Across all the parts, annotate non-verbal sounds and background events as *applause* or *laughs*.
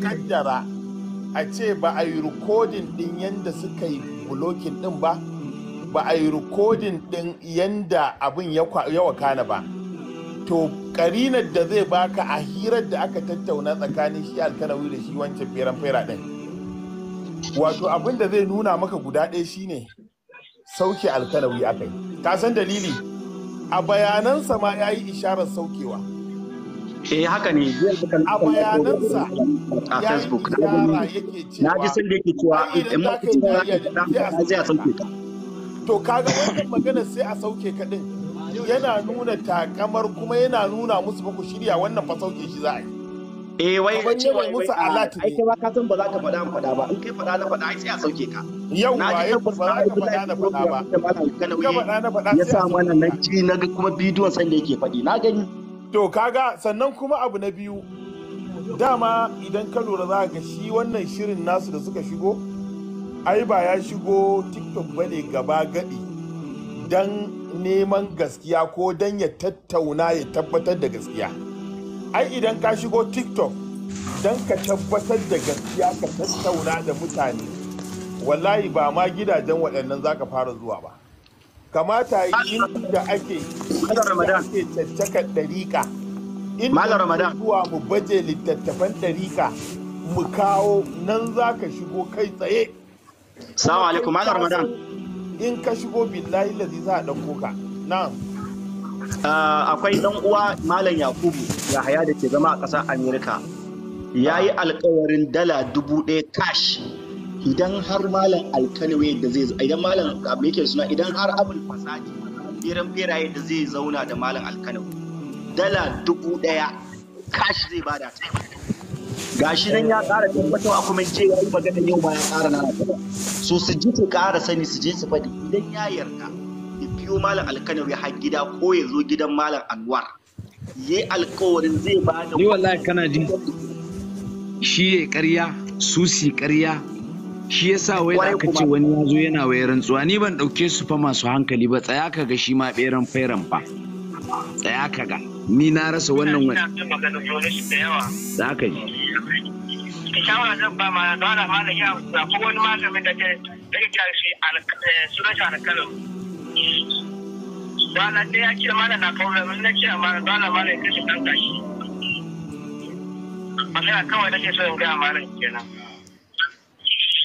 kaddara a ce ba a yi rikodin din yadda suka yi bulokin din ba ba a yi rikodin din yadda abin ya wakana ba to karinar da zai baka a hirar da aka tattauna tsakanin shi alkanawi da shi wancan feran fera din wato abin da zai nuna maka guda ɗaya shine sauke alkanawi akai ka san dalili a bayanan sama ya yi isharar saukewa eh haka ne a bayanansa a facebook na ji san da yake cewa idan ma mutum ka da zai sauke ka to kaga wannan magana sai a sauke ka din yana nuna takamar kuma yana nuna musu ba ku shirya wannan fa sauke shi za a yi eh wai wai wai musu alati ai kai ba ka san ba za ka faɗa an faɗa ba in kai faɗa na faɗa ai sai a sauke ka yau ba yau ba za ka faɗa na faɗa ba ka faɗa na faɗa ya samu mana nan ji na kuma bidiyon san da yake faɗi na gani to kaga sannan kuma abu na biyu dama idan ka lura za ga shi wannan shirin nasu da suka shigo ai ba ya shigo tiktok ba ne gaba gadi don neman gaskiya ko don ya tattauna ya tabbatar da gaskiya ai idan ka shigo tiktok don ka tabbatar da gaskiya ka tattauna da mutane wallahi ba ma gidajen waɗannan za ka fara zuwa ba kamata yi da ake ake ɗariƙa inda Ramadan zuwa mu baje littattafan ɗariƙa mu kawo nan za ka shigo kai tsaye salamu alaikum malam Ramadan in ka shigo billahi lazi za a ɗauko ka na'am ah, akwai ɗan uwa malam Yakubu Yahaya da ke zama a ƙasar Amerika ya yi alkawarin dala dubu ɗaya kashi idan har malam alkano da zai idan malam abu yake suna idan har abin fasadi beran beraye yadda zai zauna da malam alkano dala dubu daya kashi zai bada ta gashi nan ya kara a kuma ce ya yi magana yau ba ya kara na so su ji su kara sani su je su faɗi idan ya yarda ya biyo malam ya har gida ko ya zo gidan malam anwar yi alkawarin zai bada ni wallahi kana ji shi ya karya su si karya shi ya sa wai aka ce wani ya zo yana wayar rantsuwa ni ban ɗauke su fa masu hankali ba tsaya ka ga shi ma ɓeran fairan fa tsaya ka ga ni na rasa wannan wani da aka ji shawara zan ba ma da wani malam ya ko wani malamin da ke da ke shi eh, sunan shi alkalam dana ne ya ce malam na problem na ce malam dana malam ya kashe ɗan kashi magana kawai ke so in gaya malam kenan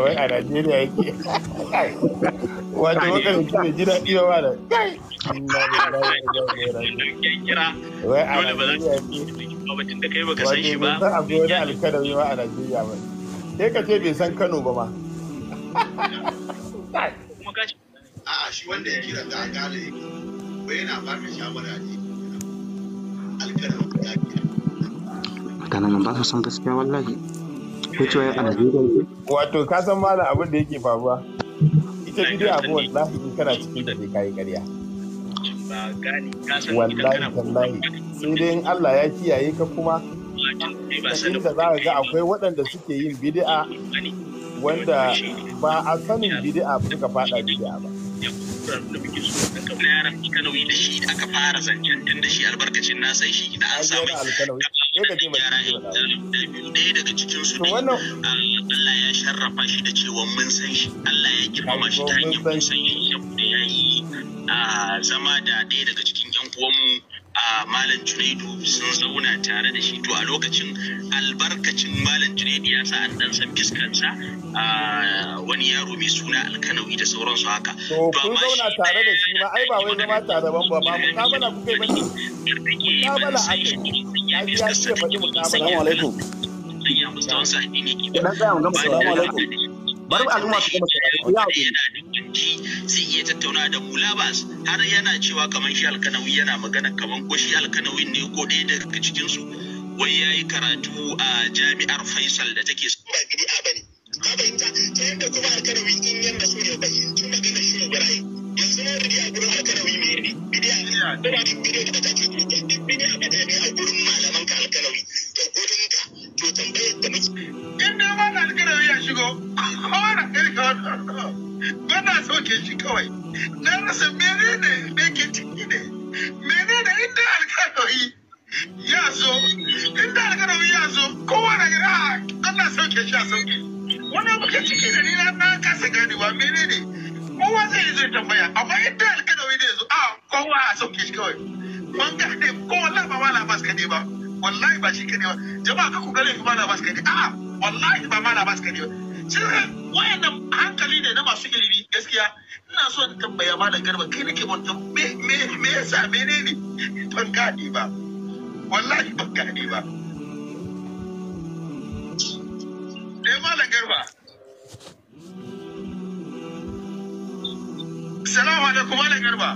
wai a Najeriya yake wato wakan ki ne ji daɗi ba da kai wai a Najeriya yake da kai baka san shi ba wato akwai wani a Najeriya ba sai ka ce bai san Kano ba ma a'a shi wanda ya kira da gane bai yana baka shawara ne alkadari ya kira mutanen nan ba su san gaskiya wallahi wato ka san malam abin da yake faruwa ita bidiyo abu wallahi in kana cikin da kai ƙarya wallahi wallahi sai dai in Allah ya kiyaye ka kuma cikin da za ka ga akwai waɗanda suke yin bidi'a wanda ba a sanin bidi'a suka faɗa bidi'a ba ya kuskura da muke so da kamar yaran alkalawi da shi aka fara zancen tun da shi albarkacin na nasa shi da an samu ɗaya daga cikin su Allah ya sharrafa shi da cewa mun san shi Allah ya girmama shi ta hanyar mun san shi saboda ya yi ah, zama da ɗaya daga cikin yan uwanmu a malam junaidu sun zauna tare da shi to a lokacin albarkacin malam junaidu ya sa an dan san fiskansa wani yaro mai suna alkanawi da sauransu haka to kun zauna tare da shi ma ai ba wai zama tare ba ba mukabala kuke ba mukabala ake ba ji ya ce faɗi assalamu alaikum dan ya mustafa sa'idi ne ki dan ga mu assalamu alaikum bari al'umma su kuma yana da sai iya tattauna da mu labas har yana cewa kamar shi alkanawi yana magana kamar ko shi alkanawi ne ko ɗaya daga cikin su wai yayi karatu a jami'ar Faisal da take ba a bane ka fahimta ta yadda kuma alkanawi in yanda ne bai fahimci magana shi ne gurai yanzu na gurin alkanawi mai ne ne ba da ta ce ne a gurin malaman ka alkanawi to ka to tambayar da muke da alkanawi ya shigo ba na soke shi kawai na rasa menene ne ke ciki ne menene inda alkalawi ya zo inda alkalawi ya zo kowane ira so soke shi a sauke wani abu ciki da ni na kasa ganewa menene kowa zai zo tambaya amma inda alkalawi ne zo a kowa a sauke shi kawai ban gane ko wallahi ba ma labas ka ne ba wallahi ba shi ka ne ba jama'a ka ku gane ba labas ka ne a'a wallahi ba ma labas ka ne ba cikin wayannan hankali ne na masu ilimi gaskiya ina son tambaya malam garba kai nake mun me me me yasa menene ban gane ba wallahi ban gane ba eh malam garba salamu alaikum malam garba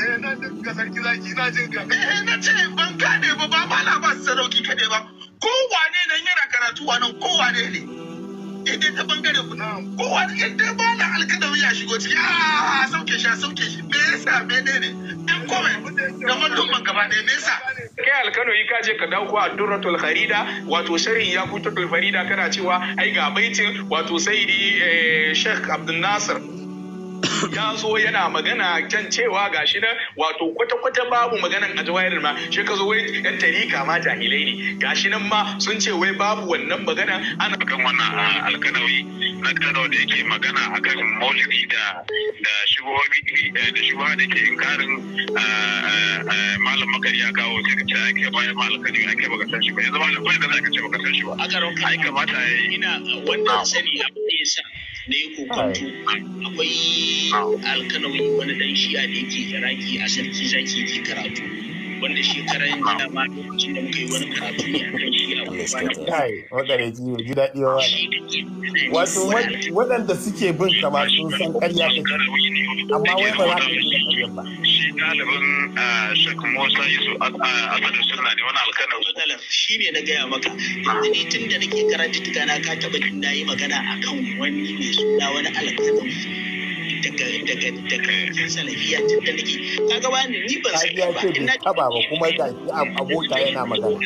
eh na da dinka sarki zaki na jin ka. eh na ce ban gane ba ba malam ba sarauki kade ba kowane nan yana karatu wannan kowane ne daidai ta bangaren ku kowa in dai ba na alkadar ya shigo ciki 'Ah! sauke shi sauke shi me yasa me ne ne in kome gaban dubban gaba ne me yasa kai alkano yi kaje ka dauko a durratul farida wato sharhin ya kuta farida kana cewa ai ga baitin wato sayyidi eh, sheikh abdul nasir ya zo yana magana kan cewa gashi na wato kwata-kwata babu maganan a jawairar ma shi ka zo wai yan tarika ma jahilai ne gashi nan ma sun ce wai babu wannan magana ana kan wannan alkanawi na kano da yake magana kan maulidi da da shugabi da eh, shugaba da ke inkarin eh, eh, malam makari ya kawo shi ta yake bayan malam kari ake baka san shi ba yanzu malam bai da za ka ce baka san shi ba ai kamata ya yi ina wannan sani abu ya da ya kokonto akwai alkanawi wani dan shi'a da yake iraki a sarki zaki ke karatu wanda shi shekaran jiya ma lokacin da muka yi wani karatu ne akan a gurbana kai wadare ji ji daɗi wa wato waɗanda suke bin ba sun san ƙarya ta amma wai ba za ka yi da ba shi ɗaliban eh, shek musa isu asadu suna ne wani alkanar su, shi ne na gaya maka yanzu ne tun da nake karatu tukana ka taɓa jin na yi magana akan wani mai suna wani alkanar daga kaga ba ni ban san ba kuma ga shi mota yana magana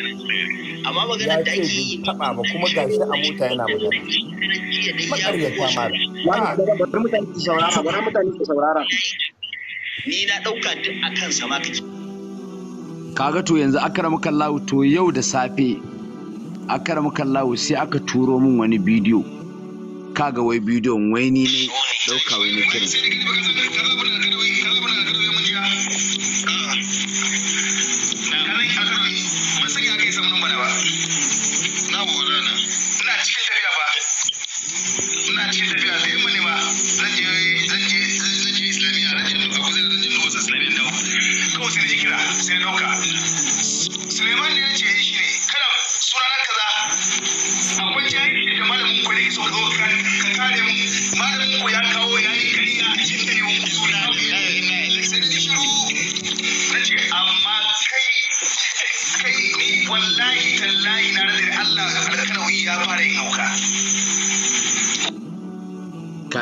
amma magana da ake ba kuma ga shi mota yana magana makaryata ya mutane to yanzu kallahu to yau da safe akramu kallahu sai aka turo min wani bidiyo kaga wai bidiyon wai ni ne ɗauka wani kiri Suleiman ne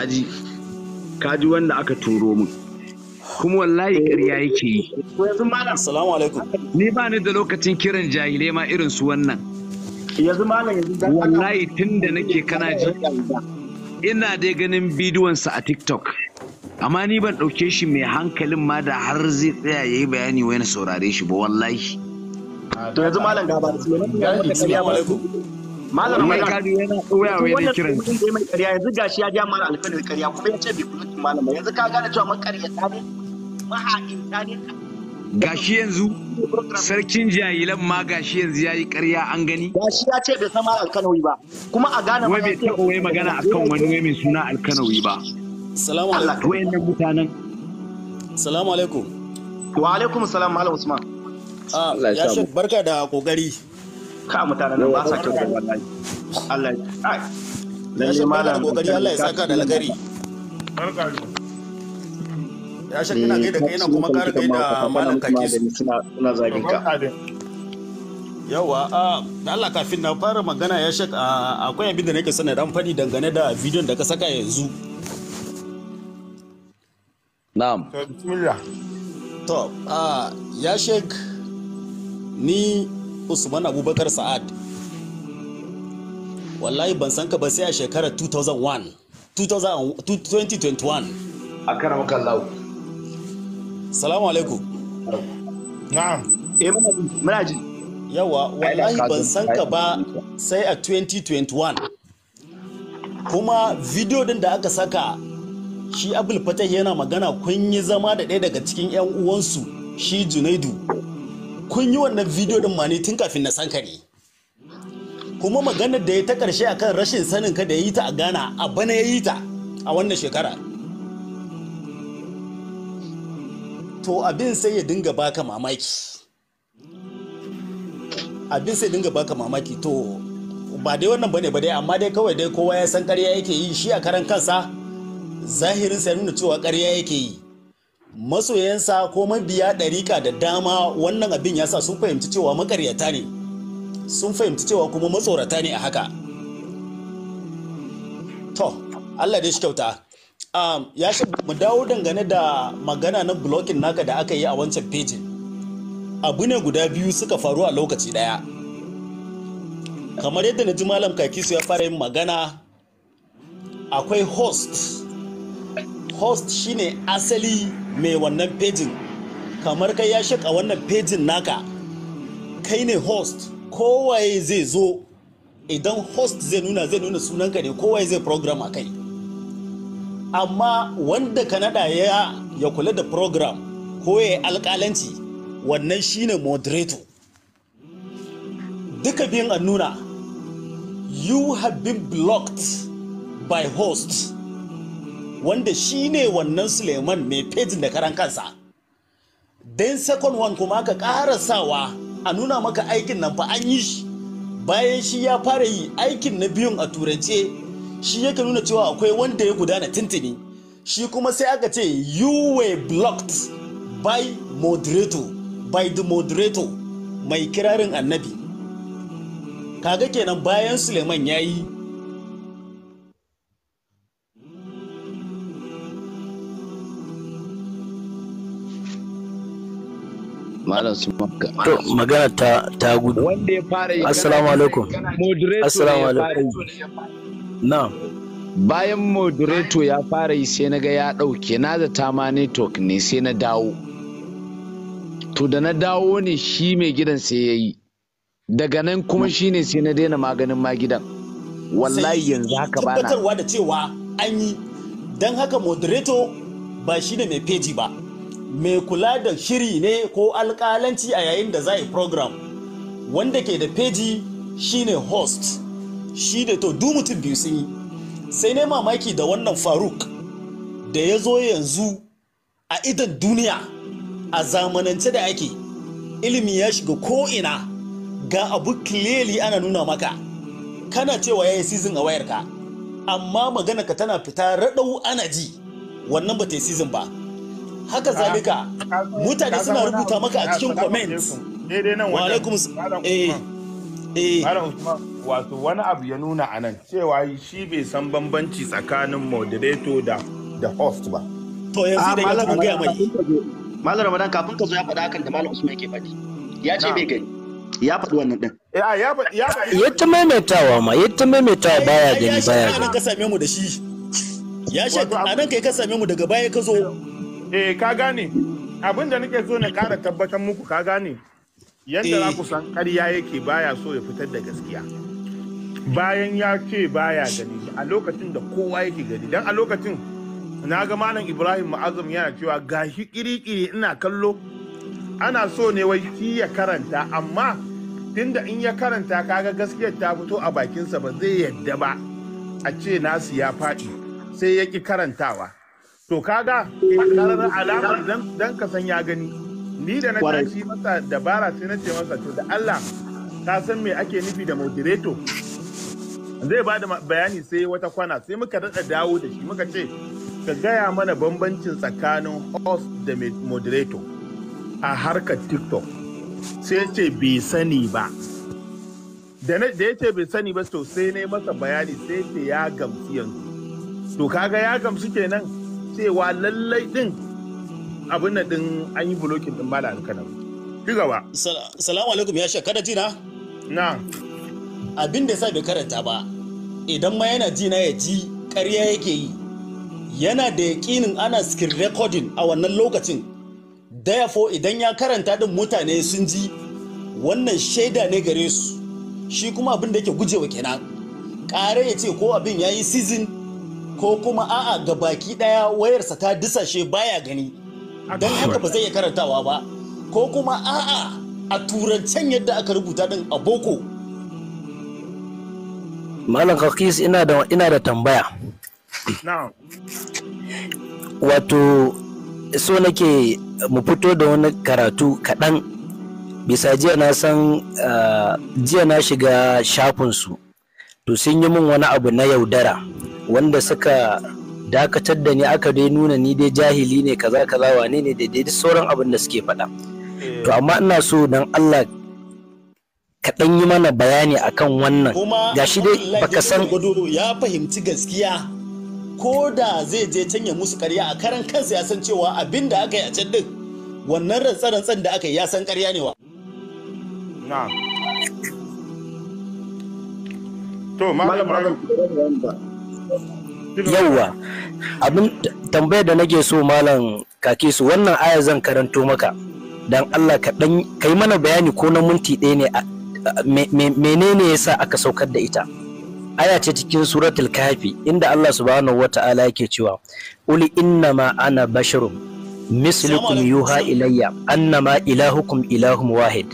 kaji kaji wanda aka turo mu kuma wallahi ƙarya yake yi yanzu malam assalamu alaikum ni ba ni da lokacin kiran jahilai ma irin su wannan yanzu malam yanzu dan wallahi tunda nake kana ji ina dai ganin bidiyon sa a TikTok amma ni ban ɗauke shi mai hankalin ma da har zai tsaya yayi bayani wai na saurare shi ba wallahi to yanzu malam ga ba da assalamu alaikum malam mai gadi yana koya wa yana kiran shi mai ƙarya yanzu gashi ya ja mana alƙalin ƙarya kuma ce bai kula malam yanzu ka gane cewa maƙaryata ne maha'inta ne gashi yanzu sarkin jahilan ma gashi yanzu ya yi ƙarya an gani gashi ya ce bai sama alkanawi ba kuma a gane wai bai taɓa wai magana akan wani wai mai suna alkanawi ba salamu alaikum wayannan mutanen salamu alaikum wa alaikum salam malam usman ah ya shek barka da kokari ka mutanen nan ba sa kyau wallahi Allah ai lalle malam kokari Allah ya saka da lagari ya shi kina kai da kai na kuma kare kai da malam kake suna zagin ka yawa da Allah kafin na fara magana ya shak akwai abin da nake sanar dan fadi dangane da bidiyon da ka saka yanzu na'am bismillah to ya shek ni usman abubakar sa'ad wallahi ban san ka ba sai a shekarar 2001 2021 a karama kallahu salamu alaikum na'am eh muna ji yawa wallahi ban san ka ba sai a 2021 kuma video din da aka saka shi abul fatah yana magana kun yi zama da ɗaya daga cikin 'yan uwansu shi junaidu kun yi wannan video din ma ne tun kafin na san ka ne kuma maganar da ya ta karshe akan rashin sanin ka da ya yi ta a Ghana a bana ya yi ta a wannan shekara to abin sai ya dinga baka mamaki abin sai dinga baka mamaki to ba dai wannan bane ba dai amma dai kawai dai kowa ya san karya yake yi shi a karan kansa zahirin sai nuna cewa karya yake yi masoyansa ko mabiya ɗarika, da dama wannan abin ya sa sun fahimci cewa makaryata ne sun fahimci cewa kuma matsorata ne a haka to allah dai shi kyauta ya shi mu dawo dangane da magana na blokin naka da aka yi a wancan pejin abu ne guda biyu suka faru a lokaci ɗaya kamar yadda na ji malam kakisu ya fara yin magana akwai host host shine asali mai wannan pejin kamar kai ya shaka wannan pejin naka kai ne host kowaye zai zo idan host zai nuna zai nuna sunanka ne kowaye zai program a kai amma wanda ka ya ya kula da program ko ya alkalanci wannan shine moderator duka biyun an nuna you have been blocked by host wanda shi ne wannan suleiman mai fejin da karan kansa dan second one kuma ka sawa a nuna maka aikin nan fa an yi shi bayan shi ya fara yi aikin na biyun a turance shi yake nuna cewa akwai wanda ya gudana tintini shi kuma sai aka ce you were blocked by moderator by the moderator mai kirarin annabi kaga kenan bayan suleiman ya yi malam su maka to magana ta ta gudu wanda ya fara yi assalamu alaikum assalamu alaikum na bayan moderator ya fara yi sai na ga ya dauke na zata ma network ne sai na dawo to da na dawo ne shi mai gidan sai ya yi daga nan kuma shi ne sai na daina maganin ma gidan wallahi yanzu haka bana tabbatarwa da cewa an yi don haka moderator ba shi ne mai peji ba mai kula da shiri ne ko alkalanci a yayin da za a yi program wanda ke da peji shine host shi da to du mutum biyu sun yi sai ne mamaki da wannan faruk da ya zo yanzu a idan duniya a zamanance da ake ilimi ya shiga ko'ina ga abu clearly ana nuna maka kana cewa ya yi sizin a wayarka amma magana ka tana fita raɗau ana ji wannan ba ta yi season ba haka zalika mutane suna rubuta maka a cikin comments eh, wa alaikum eh, eh. wato wani abu ya nuna a nan cewa shi bai san bambanci tsakanin moderator da da host ba to yanzu ah, da ya gaya mai malam ramadan kafin ka zo ya faɗa hakan da malam usman yake faɗi ya ce bai gani ya faɗi wannan ɗin. Ah, ya ta maimaitawa ma, ya ta maimaitawa baya gani baya gani. Ya shi a nan ka same mu da shi. Ya shi a nan kai ka same mu daga baya ka zo eh ka gane abin da nake so na kara tabbatar muku ka gane yadda za ku san ƙarya yake baya so ya fitar da gaskiya bayan ya ce baya gani a lokacin da kowa yake gani dan a lokacin na ga malam ibrahim ma'azum yana cewa gashi kirikiri ina kallo ana so ne wai ki ya karanta amma tunda in ya karanta kaga gaskiyar ta fito a bakinsa ba zai yadda ba a ce nasu ya faɗi sai ya ƙi karantawa to kaga karar alamar dan ka san ya gani ni da na tashi masa dabara sai na ce masa to da Allah ka san me ake nufi da moderator zai bada bayani sai wata kwana sai muka daɗa dawo da shi muka ce ka gaya mana bambancin tsakanin host da moderator a harkar tiktok sai ce bai sani ba da ya ce bai sani ba to sai yi masa bayani sai ce ya gamsu yanzu to kaga ya gamsu kenan cewa lallai din abin nan din an yi bulokin din mala alkanar ki gaba salamu alaikum ya sha kada jina na abin da sa bai karanta ba idan ma yana jina ya ji ƙarya yake yi yana da yaƙinin ana screen recording a wannan lokacin dayafo idan ya karanta din mutane sun ji wannan shaida ne gare su shi kuma abin da yake gujewa kenan ƙare ya ce ko abin ya yi season ko kuma a'a ga baki daya wayarsa ta disashe baya gani don haka ba zai iya karantawa ba ko kuma a'a a turancen yadda aka rubuta din a boko malam kakis ina da ina da tambaya wato so nake mu fito da wani karatu kaɗan bisa jiya na san ah, jiya na shiga shafinsu to sun yi min wani abu na yaudara wanda suka dakatar da ni aka dai nuna ni dai jahili ne kaza kaza wane ne da dai sauran abin da suke faɗa eh. to amma ina so dan Allah ka dan yi mana bayani akan wannan gashi dai baka san ya fahimci gaskiya ko da zai je can ya musu ƙarya a karan kansa ya san cewa abin da aka yi a can din wannan rantsan-rantsan da aka yi ya san ƙarya ne wa to malam yauwa abin tambayar da nake so malam kake su wannan aya zan karanto maka dan Allah ka dan kai mana bayani ko na minti ɗaya ne menene yasa aka saukar da ita aya ce cikin suratul kahfi inda Allah subhanahu wata'ala yake cewa uli innama ana basharum mislukum yuha ilayya annama ilahukum ilahum wahid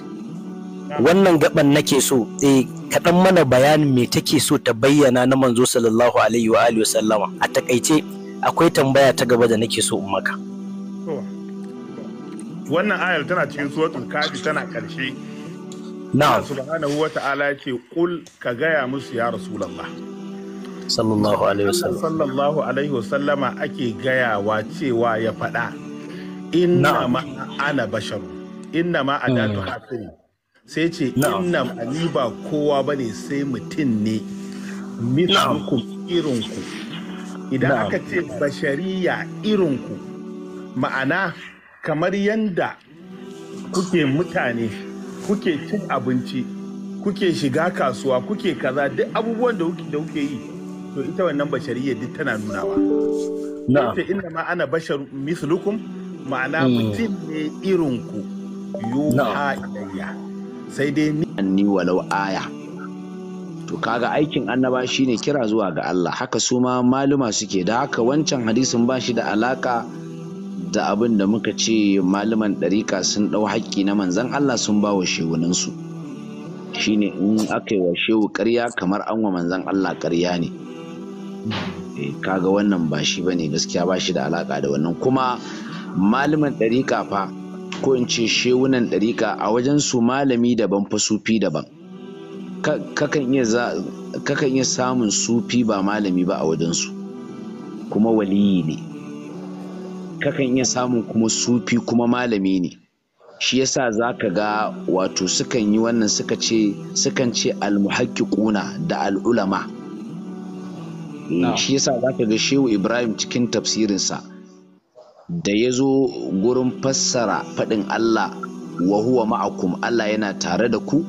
wannan gaban nake so eh kaɗan mana bayanin me take so ta bayyana na manzo sallallahu alaihi wa alihi sallama a takaice akwai tambaya ta gaba da nake so in maka wannan ayar tana cikin suratul kafi tana karshe na subhanahu wa ta'ala yake kul ka gaya musu ya rasulullah sallallahu alaihi wasallam sallallahu alaihi wasallama ake gayawa cewa ya faɗa inna ma ana basharu inna ma adatu hmm. hasiri sai ce innam ali ba kowa ba ne sai mutum ne mislukum irinku idan aka ce bashariya irinku ma'ana kamar yanda kuke mutane kuke cin abinci kuke shiga kasuwa kuke kaza duk abubuwan da kuke yi to ita wannan bashariya duk tana nunawa ita inda ma ana bashar mislukum ma'ana hmm. mutum ne irinku yuha ilayya sai dai ni anni walau aya to kaga aikin annaba shine kira zuwa ga Allah haka su ma maluma suke da haka wancan hadisin ba shi da alaka da abin da muka ce maluman ɗarika sun ɗau haƙƙi na manzan Allah sun ba wa shewunansu shine in aka yi wa shehu ƙarya kamar an wa manzan Allah ƙarya ne eh, kaga wannan ba shi bane gaskiya ba shi da alaka da wannan kuma maluman ɗarika fa ko in ce shewunan ɗariƙa a wajen su malami daban fa sufi daban kakan iya samun sufi ba malami ba a wajensu kuma waliyi ne kakan iya samun kuma sufi kuma malami ne shi yasa za ka ga wato sukan yi wannan suka ce sukan ce almuhaqqiquna da al'ulama shi yasa za ka ga shehu ibrahim cikin tafsirinsa da ya zo gurin fassara faɗin Allah wa huwa ma'akum Allah yana tare da ku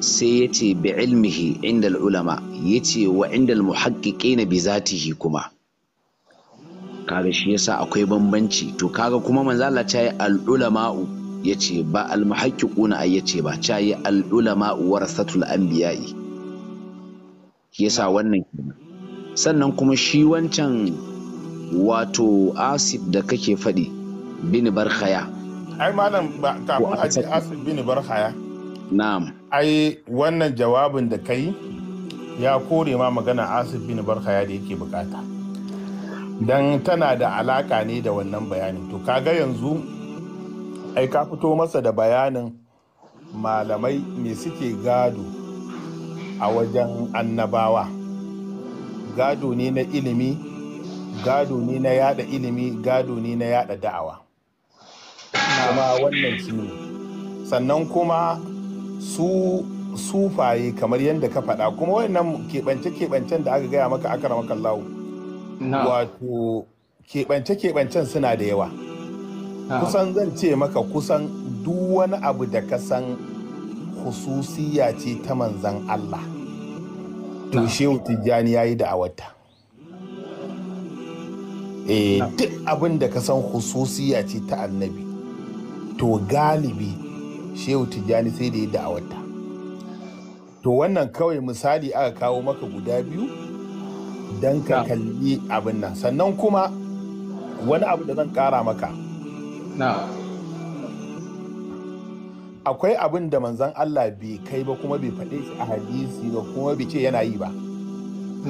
sai ya ce bi ilmihi inda ulama ya ce wa inda muhakkiki na bi zatihi kuma kaga shi yasa akwai bambanci to kaga kuma Manzala ta yi al'ulama'u ya ce ba almuhakkikuna na ya ce ba ta yi al'ulama warasatul anbiya'i yasa wannan sannan kuma shi wancan wato asib da kake faɗi bin barkhaya ai malam ba kafin a ce asib bin barkhaya na'am ai wannan jawabin da kai ya kore ma magana asib bin barkhaya da yake bukata dan tana da alaka ne da wannan bayanin to kaga yanzu ai ka fito masa da bayanin malamai me suke gado a wajen annabawa gado ne na ilimi gado ne na yada ilimi gado ne na yada da'awa kuma wannan shi ne sannan kuma su sufaye kamar yadda ka faɗa kuma wannan keɓance-keɓancen da aka gaya maka akara maka lawo wato keɓance-keɓancen suna da yawa kusan zan ce maka kusan duk wani abu da ka san hususiya ce ta manzan Allah to shehu tijjani ya yi da'awarta Eh, duk abin da ka san hususiya ce ta annabi to galibi shehu tijjani sai da ya da'awata to wannan kawai misali aka kawo maka guda biyu don ka kalli abin nan sannan kuma wani abu da zan kara maka akwai abin da manzan Allah bai kai ba kuma bai faɗe shi a hadisi ba kuma bai ce yana yi ba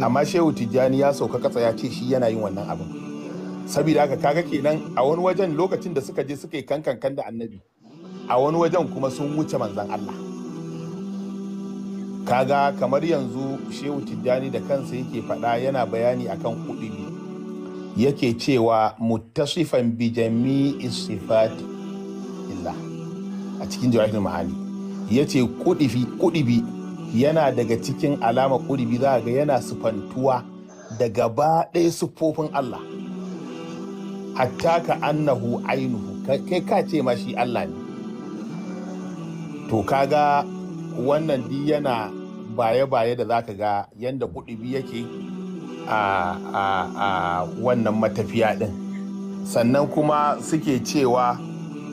amma shehu tijjani ya sauka katsa ya ce shi yana yin wannan abin saboda haka kaga kenan a wani wajen lokacin da suka je suka yi kankan da annabi a wani wajen kuma sun wuce manzan Allah kaga kamar yanzu shehu tijjani da kansa yake faɗa yana bayani akan kuɗi yake cewa muttasifan bi jami'i illa a cikin jawahir mahali yace kudifi kudibi yana daga cikin alama kudibi za ga yana sufantuwa da gaba ɗaya siffofin Allah hatta ka annahu ainuhu kai ka ce ma shi Allah ne to kaga wannan di yana baye-baye da zaka ga yanda kuɗi yake a a a wannan matafiya din? sannan kuma suke cewa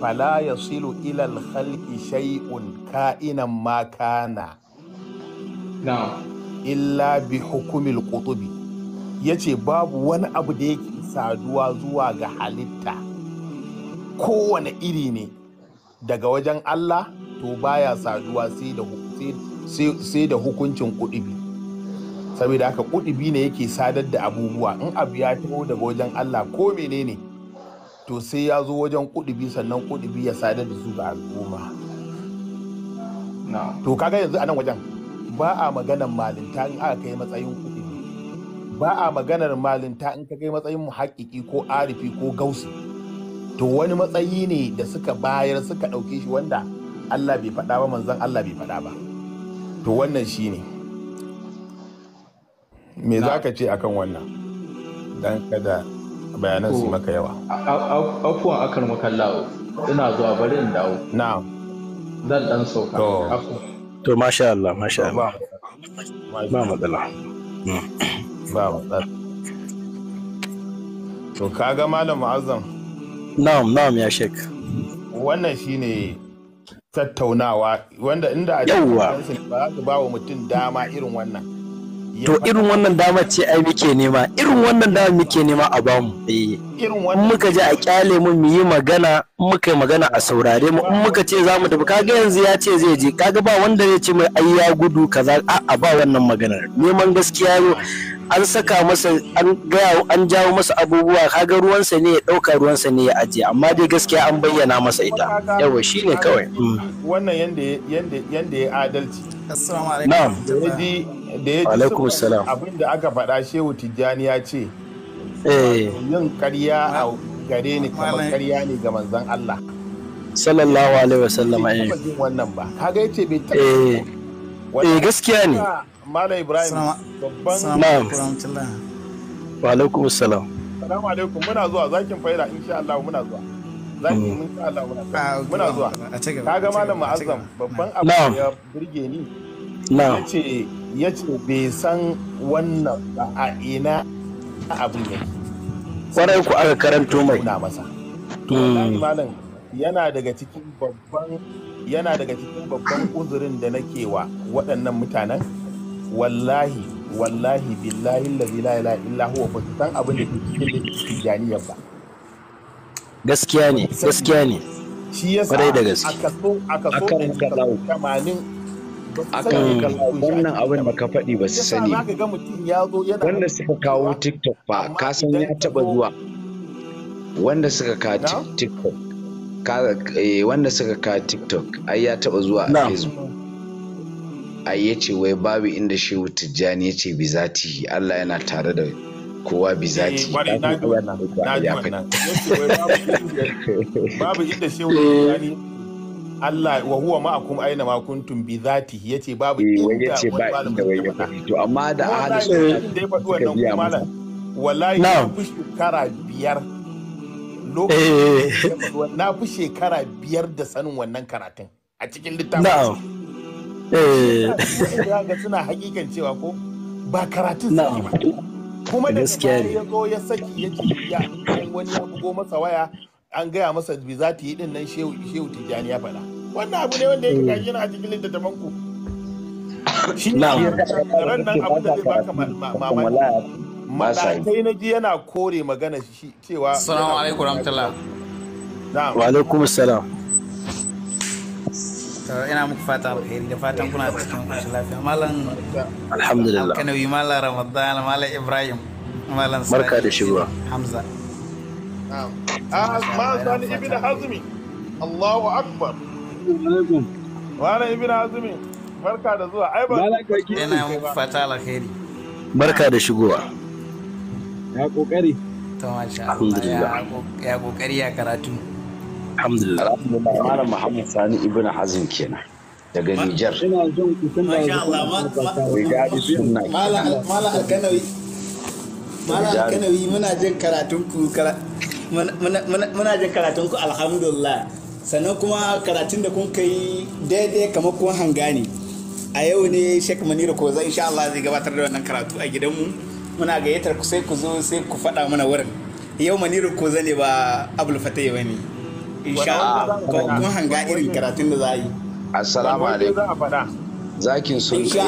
fala yasilu ilal khalqi shay'un ka'inan ma kana illa bi hukumil qutubi yace babu wani abu da yake saduwa zuwa ga halitta kowane iri ne daga wajen Allah to baya saduwa sai da hukuncin kuɗi saboda haka kuɗi ne yake sadar da abubuwa in abu ya taho daga wajen Allah ko menene to sai ya zo wajen kuɗi sannan kuɗi ya sadar da su ga al'umma to kaga yanzu a nan wajen ba a maganan malinta in aka kai matsayin ku ba a maganar malinta in ka kai matsayin muhaƙiƙi ko arifi ko gausi to wani matsayi ne da suka bayar suka ɗauke shi wanda Allah bai faɗa ba manzon Allah bai faɗa ba to wannan shi ne me za ka ce akan wannan don kada bayanan su maka yawa afuwan akan makallawo ina zuwa bari in dawo Na. zan dan sauka to masha Allah masha Allah ba matsala hmm. ba matsala to kaga malam mu'azzam na'am na'am ya shek wannan shine tattaunawa wanda inda a cikin ba za ba wa mutum dama irin wannan to irin wannan dama ce ai muke nema irin wannan dama muke nema a bamu eh. wannan muka je a kyale mu mu yi magana muka yi magana a saurare mu in muka ce za mu tafi kaga yanzu ya ce zai je kaga ba wanda zai ce mai ai ya gudu kaza a'a ba wannan maganar neman gaskiya yau an saka masa an gaya an jawo masa abubuwa kaga ruwansa ne ya ɗauka ruwansa ne ya ajiye amma dai gaskiya an bayyana masa ita yawa shi ne kawai mm. wannan yanda ya adalci assalamu alaikum da ya ji abin da aka faɗa shehu tijjani ya ce eh. yin karya a gare ni kamar karya ne ga manzon Allah sallallahu alaihi wasallam eh wannan ba kaga yace bai eh. eh gaskiya ne Malam Ibrahim babban Wa alaikum salam. Salamu alaikum muna zuwa zakin faida insha Allah muna zuwa. Zaki mm. insha Allah muna zuwa. Ah, muna zuwa. Kaga malam Mu'azzam babban abu ya burge ni. Ya ce bai san wannan ba a ina abin yake. Kwarai ku aka karanto mai. Na masa. To mm. malam yana daga cikin babban yana daga cikin babban uzurin da nake wa waɗannan mutanen. wallahi wallahi billahi allazi la ilaha illa huwa ba san abin da ke cikin littafin janiyar ba gaskiya ne gaskiya ne shi yasa kwarai da gaske akan kallawo akan wannan abin da ka faɗi ba su sani wanda suka kawo tiktok ba ka san ya taɓa zuwa wanda suka ka tiktok wanda suka ka tiktok ai ya taɓa zuwa a facebook ai ya ce wai babu inda shi tijjani ya ce bizatihi Allah yana tare da kowa bizati eh, babu inda shehu *laughs* eh. tijjani Allah wa huwa ma'akum aina ma kuntum bi zatihi yace babu inda yace ba inda ya to amma da ahli sunna dai faɗi wannan kuma wallahi na fi shekara biyar lokacin eh. na fi shekara biyar da sanin wannan karatun a cikin littafin ga eh. suna hakikan cewa ko ba karatun suke ba kuma da ya zo ya saki ya ce ya wani ya bugo masa waya an gaya masa bi za ta yi din nan shehu tijjani ya faɗa wannan abu ne wanda ya yake gashi eh. a cikin littattafan ku shi ne ran nan abu da zai baka mamaki matakai na ji yana kore magana shi cewa assalamu alaikum rahmatullah wa alaikum assalam Eh, ina muku fata alheri da fatan kuna cikin koshin lafiya malam alhamdulillah alkanawi malam ramadan malam ibrahim malam sani barka da shigowa hamza na'am ah ma sani ibn hazmi allahu akbar alaikum wala ibnu hazmi barka da zuwa ai ba ina muku fata alheri barka da shigowa ya kokari to masha Allah ya kokari ya karatu alhamdulillah alhamdulillah malam muhammad sani ibnu hazm kenan daga nijar rigadi sunna malam alkanawi malam alkanawi muna jin karatun ku muna jin karatun ku alhamdulillah sannan kuma karatun da kun kai daidai kamar kun hangani a yau ne Sheikh Manira ko zai insha Allah zai gabatar da wannan karatu a gidanmu muna gayyatar ku sai ku zo sai ku faɗa mana wurin yau Manira ko ne ba Abdul Fatai bane insha hanga irin karatun da za yi assalamu zakin sun insha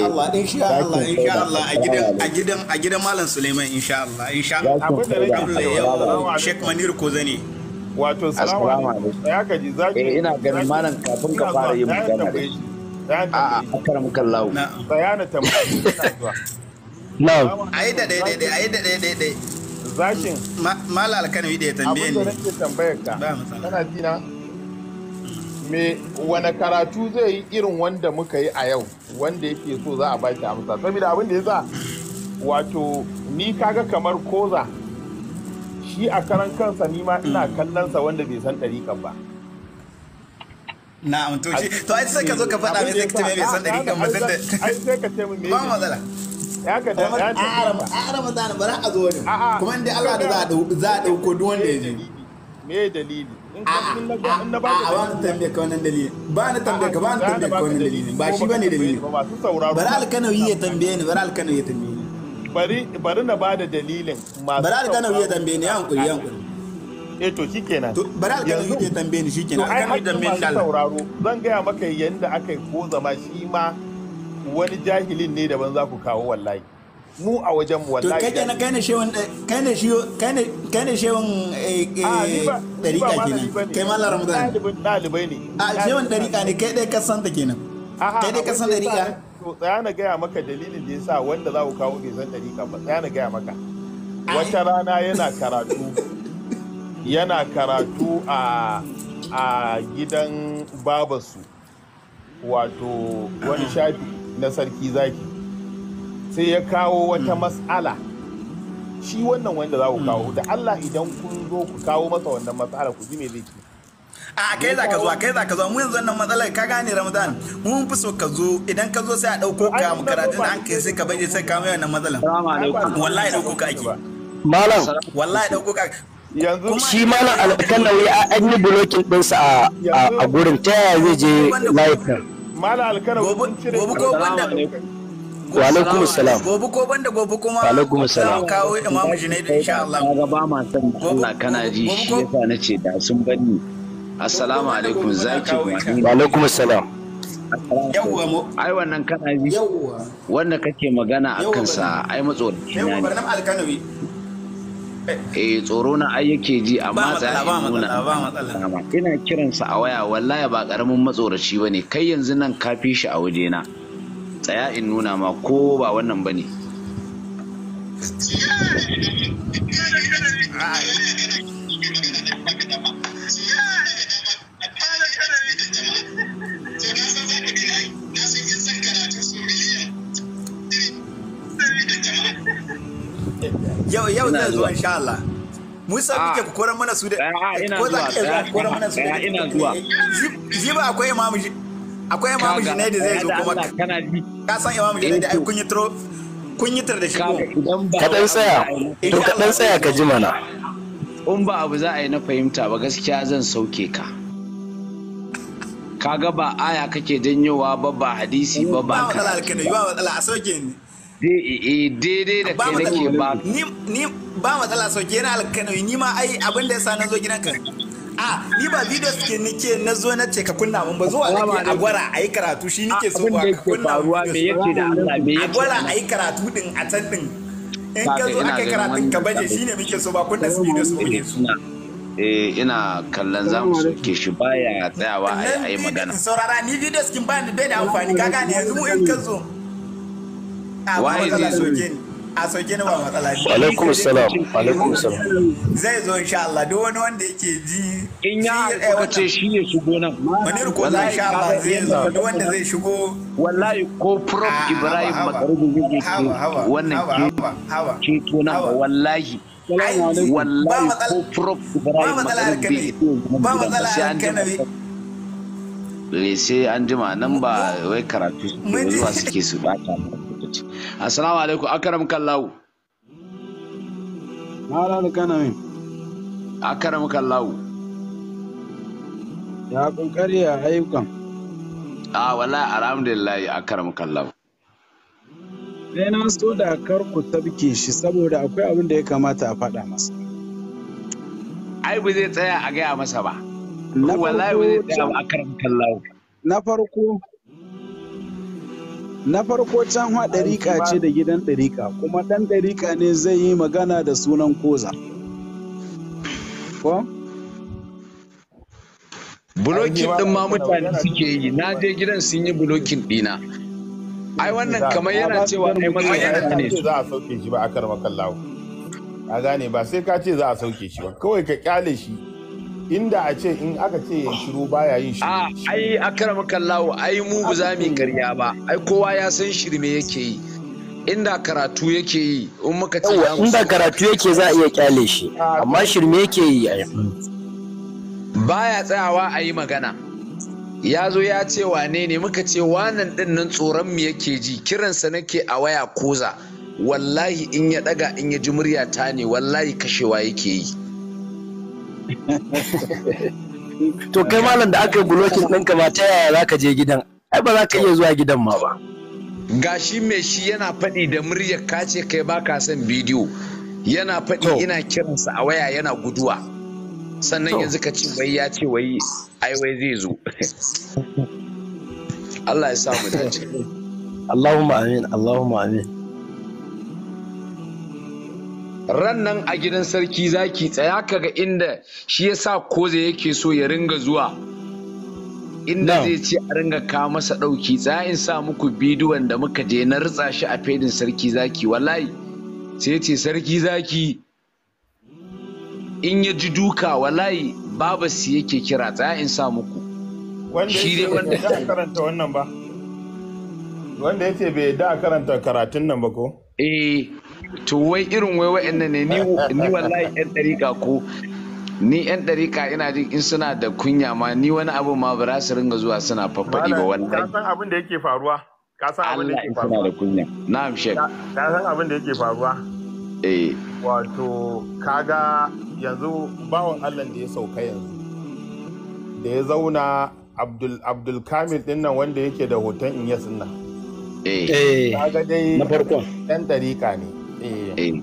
a gidan a gidan a gidan malam Suleiman insha Allah abin da nake yau Sheikh Manir Kozani wato salamu alaikum ya kaji zaki eh, ina ganin malam kafin ka fara yin magana da shi a'a akaram kallahu bayana tambayi na ai da dai dai dai ai da dai dai Zakin. Mala alkanawi da ya tambaye ni. Abin da nake tambayar ka. Kana ji na? Me wane karatu zai yi irin wanda muka yi a yau wanda yake so za a baki amsa saboda abin da ya sa wato ni kaga kamar koza shi a karan kansa ni ma ina mm. kallon sa wanda bai san ɗarikan ba. Na'am to shi to ai sai ka zo ka faɗa mai sai ka ce mai bai san ɗarikan ba sai sai ka ce mai. Ba matsala. haka da a arama za ni bara a zo kuma inda Allah da za a dauko duk wanda ya je me dalili in ka na tambaye ka wannan dalili ba na tambaye ka ba na tambaye ka wannan ba shi ya tambaye ni bara alkanawi ya tambaye ni bari bari na ba da dalilin bari bara alkanawi ya tambaye ni yankuri yankuri eh to shikenan bari yi ya tambaye ni shikenan alkanawi tambaye ni masu sauraro zan gaya maka yadda aka yi ko zama shi ma wani jahilin ne daban za ku kawo wallahi mu a wajen mu wallahi to kai na kai shewan kai ne shi kai ne kai ne eh, eh, kenan kai ma laram da dalibai ne a shewan dariƙa ne kai dai ka san ta kenan kai dai ka san dariƙa to tsaya na gaya maka dalilin da yasa wanda za ku kawo bai san dariƙa ba tsaya na gaya maka wata rana yana karatu yana karatu a a gidan babansu wato wani shafi na sarki zaki sai ya kawo wata mm. mas'ala shi wannan wanda za ku kawo mm. da Allah idan kun zo ku kawo masa wannan mas'ala ku ji me zai ce a kai za ka zo kai za ka zo mu yanzu wannan matsalar ka gane ramadan mun fi so ka zo idan ka zo sai a dauko ka mu karatu an kai sai ka bari sai ka mai wannan matsalar wallahi dauko ka ake malam wallahi dauko ka yanzu shi malam wai an yi blocking ɗinsa a gurin ta yaya zai je live mala alkara gobe ko banda wa alaikum salam gobe ko banda gobe kuma wa alaikum salam kawo imamu junaidu insha Allah ba ma san Allah kana ji shi yasa nace da sun bani assalamu alaikum zaki wa alaikum salam ai wannan kana ji wanda kake magana akan sa ai matsoraci ne eh tsoro na ai yake ji amma tsaya in nuna ina kiransa a waya wallahi ba karamin matsoraci bane kai yanzu nan ka fi shi a waje na tsaya in nuna ma ko ba wannan bane yau yau zan zo insha Allah Musa ah. kuke ku koran mana su da ko za ka iya koran mana su da ina zuwa ba akwai imamu akwai imamu Junaidi zai zo kuma ka san imamu Junaidi ai kun yi tro kun yi tar da shi ka dan tsaya to ka dan tsaya ka ji mana in ba abu za a yi na fahimta ba gaskiya zan sauke ka kaga ba aya kake janyowa ba ba hadisi ba ba ka ba matsala alkanayi ba matsala a sauke ni Eh, eh, eh, daidai da kai nake ba ni ba matsala sauke na alkanoyi ni ma ai abin da yasa na zo gidanka a ni ba videos ke nake na zo na ce ka kunna mun ba zuwa nake a gwara a yi karatu shi nike so ba ka kunna mun me yake da Allah me yake a gwara a yi karatu din a can din in ka zo aka karatun ka baje shine muke so ba kunna su videos muke so eh ina kallon zamu soke shi baya tsayawa a yi magana saurara ni videos kin ba ni bai da amfani ka gane yanzu mu in ka zo waye zai zo a sauke ni ba matsala ne alaikum salam alaikum salam zai zo insha Allah duk wani wanda yake ji in ya ce shi ya shigo nan manir ko zai insha Allah zai zo duk wanda zai shigo wallahi ko prof ah, Ibrahim Makarubin yake ce wannan ke ke tona wallahi wallahi ko prof Ibrahim Makarubin ba matsala kanabi eh, sai an jima nan ba wai karatu zuwa suke su bata lokaci assalamu alaikum akaram Kallawu. mara da kana min akaram Kallawu. ya kun karya ayyukan a wala alhamdulillah akaram Kallawu. sai na so da kar ku tabke shi saboda akwai abin da ya kamata a faɗa masa ai ba zai tsaya a gaya masa ba wallahi ba zai tsaya a na farko Na farko can ha ɗariƙa ce da gidan ɗariƙa, kuma ɗan ɗariƙa ne zai yi magana da sunan koza. Bulokin ɗin ma mutane suke yi, na je gidan sun yi bulokin ɗina. Ai wannan kamar yana cewa ai matsayin ne. Za a sauke shi ba a karmakan lawo. A gane ba sai ka ce za a sauke shi ba, kawai ka kyale shi. inda a ce in aka ce ya shiru baya yin shiru a ah, ai akrama kallahu ai mu ba za mu karya ba ai kowa ya san shirme yake yi inda karatu yake yi in muka ce ya inda karatu yake za a iya kyale shi ah, amma shirme yake yi ai baya tsayawa a yi magana ya zo ya ce wane ne muka ce nan din nan tsoron mu yake ji kiransa nake a waya koza wallahi in ya daga in ya ji murya ta ne wallahi kashewa yake yi to kai malam da aka yi bulokin ɗinka ba ta yaya za ka je gidan ai ba za ka iya zuwa gidan ma ba gashi mai shi yana faɗi da muryar kace kai ba ka son bidiyo yana faɗi ina kiransa a waya yana guduwa sannan yanzu ka ce wai ya ce wai ai wai zai zo *laughs* Allah ya samu dace Allahumma amin Allahumma amin ran nan a gidan sarki zaki tsaya kaga inda shi ya sa koza yake so ya ringa zuwa inda zai ce a ringa ka masa ɗauki tsaya in sa muku bidiyon da muka je na ritsa shi a fedin sarki zaki wallahi sai ce sarki zaki in ya ji duka wallahi si yake kira tsaya in sa muku shi dai wanda ya karanta wannan ba wanda ya ce bai da karanta karatun nan ba ko eh to wai irin wai wa'annan ne ni wallahi yan dariƙa ko ni yan dariƙa ina jin in suna da kunya ma ni wani abu ma ba za su ringa zuwa suna faffaɗi ba wallahi ka san abin da yake faruwa ka san abin da yake faruwa da kunya na'am shek ka san abin da yake faruwa eh wato kaga yanzu bawan Allah da ya sauka yanzu da ya zauna Abdul Abdul Kamil nan wanda yake da hoton in ya sunna eh, eh. kaga dai na farkon dan dariƙa ne Eh. Eh.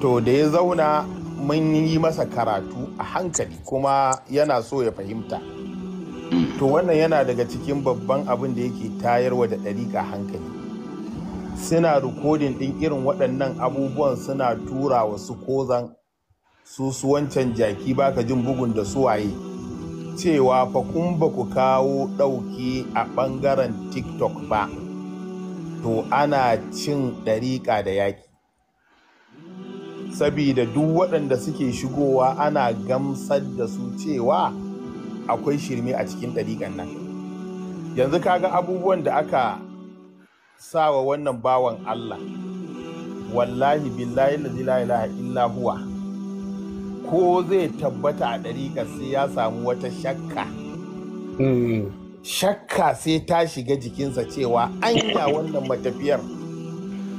to da ya zauna mun yi masa karatu a hankali kuma yana so ya fahimta mm. to wannan yana daga cikin babban abin da yake tayarwa da ɗariƙa hankali suna rikodin ɗin irin waɗannan abubuwan suna tura wa su kozan su su wancan jaki baka jin bugun da su waye. cewa fa kun ba ku kawo ɗauki a ɓangaren tiktok ba to ana cin ɗariƙa da yaƙi saboda duk waɗanda suke shigowa ana gamsar da su cewa akwai shirme a cikin ɗariƙan nan yanzu kaga abubuwan da aka sawa wannan bawan Allah wallahi billahi la ilaha illa huwa ko zai tabbata a ɗariƙa sai ya samu wata shakka mm. shakka sai ta shiga jikinsa cewa anya wannan matafiyar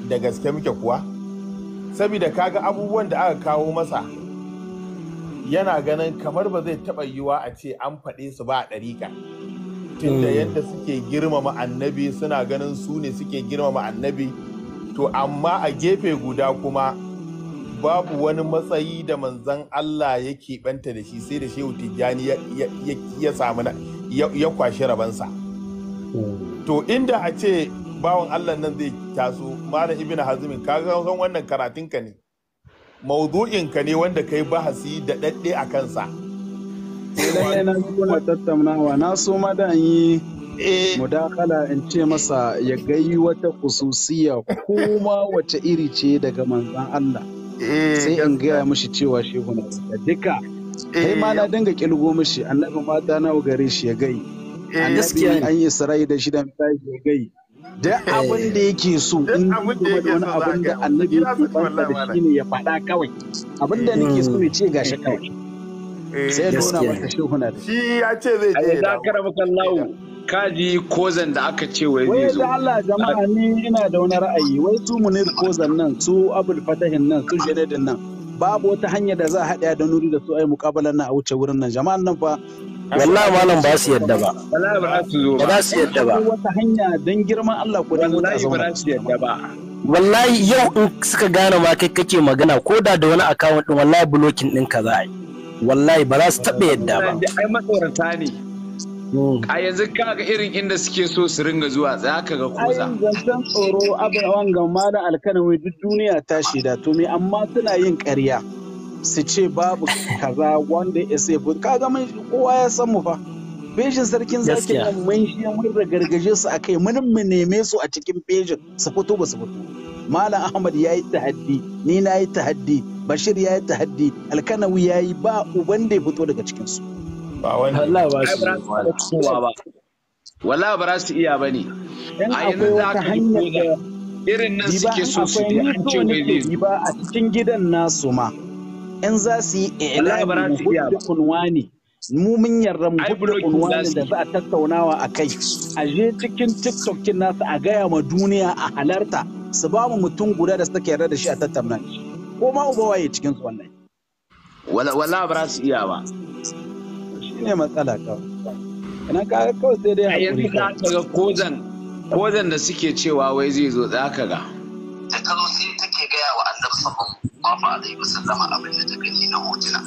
da gaske muke kuwa saboda kaga abubuwan da aka kawo masa yana ganin kamar ba zai taɓa yiwa a ce an faɗe su ba a ɗarika tunda hmm. yadda suke girmama annabi suna ganin su ne suke girmama annabi to amma a gefe guda kuma babu wani matsayi da manzan Allah ya keɓanta da shi sai da shehu tijjani ya samu ya kwashi rabansa hmm. to inda a ce bawan Allah nan zai taso malam ibn Hazimin ka san wannan karatun ka ne mawdu'in ka ne wanda kai bahasi da dadde a kansa sai na kuna tattaunawa na so ma da yi eh. mudakala in ce masa ya gai wata kususiya kuma wace iri ce daga manzan Allah eh, sai in gaya mishi cewa shi da duka kai eh, ma na dinga kilgo mishi annabi mata nawa gare shi ya gai annabi an yi sarai da shi da ya gai duk eh. abin da yake so in yi wani abin da annabi ya da shi ne ya faɗa kawai abin da nake so hmm. ya ce gashi kawai eh, sai nuna mata shehuna da shi ya ce zai je da kara maka lawo kaji kozan da aka ce wai zai zo wai Allah jama'a ni ina da wani ra'ayi wai su munir kozan nan su abul fatahin nan su shedadin nan babu wata hanya da za a haɗa da nuri da su ai muƙabalar nan a wuce wurin nan jama'an nan fa wallahi malam ba su yadda ba wallahi ba su zo ba ba su yadda ba wata hanya dan girman Allah ko dan wallahi ba su yadda ba wallahi yau in suka gane ma kai kake magana ko da da wani account din wallahi blocking din ka za a yi wallahi ba za su taɓa yadda ba ai matsorata ne Mm. a yanzu kaga irin inda suke so su ringa zuwa za ka ga kuza a zancen tsoro abawan gama da alkanawai duk duniya ta shaida to me amma suna yin ƙarya su ce babu kaza wanda ya sai kaga mai kowa ya san mu fa bejin sarkin zaki nan mun shi mun ragargaje su akai mun mu neme su a cikin bejin su fito ba su fito Malam Ahmad ya yi tahaddi, ni na yi tahaddi, Bashir ya yi tahaddi, Alkanawi ya yi ba uban da ya fito daga cikinsu. ba wani wallahi ba su ba ba za su iya bane a yanzu za ka yi irin nan suke so su yi an ce wai zai ba a cikin gidan nasu ma in za su yi ilani hudu kunwani mu mun yarda mu da za a tattaunawa a kai a je cikin tiktok nasu a gaya ma duniya a halarta su ba mu mutum guda da suka yarda da shi a tattauna ko ma uba waye cikin su wannan wala wala ba su iya ba ne matsala kawai ina ka kawai sai dai hakuri ka ga kozan kozan da suke cewa wai zai zo za ka ga ta ta zo sai take gaya wa annabi sallallahu alaihi wasallam abin da ta gani na hotuna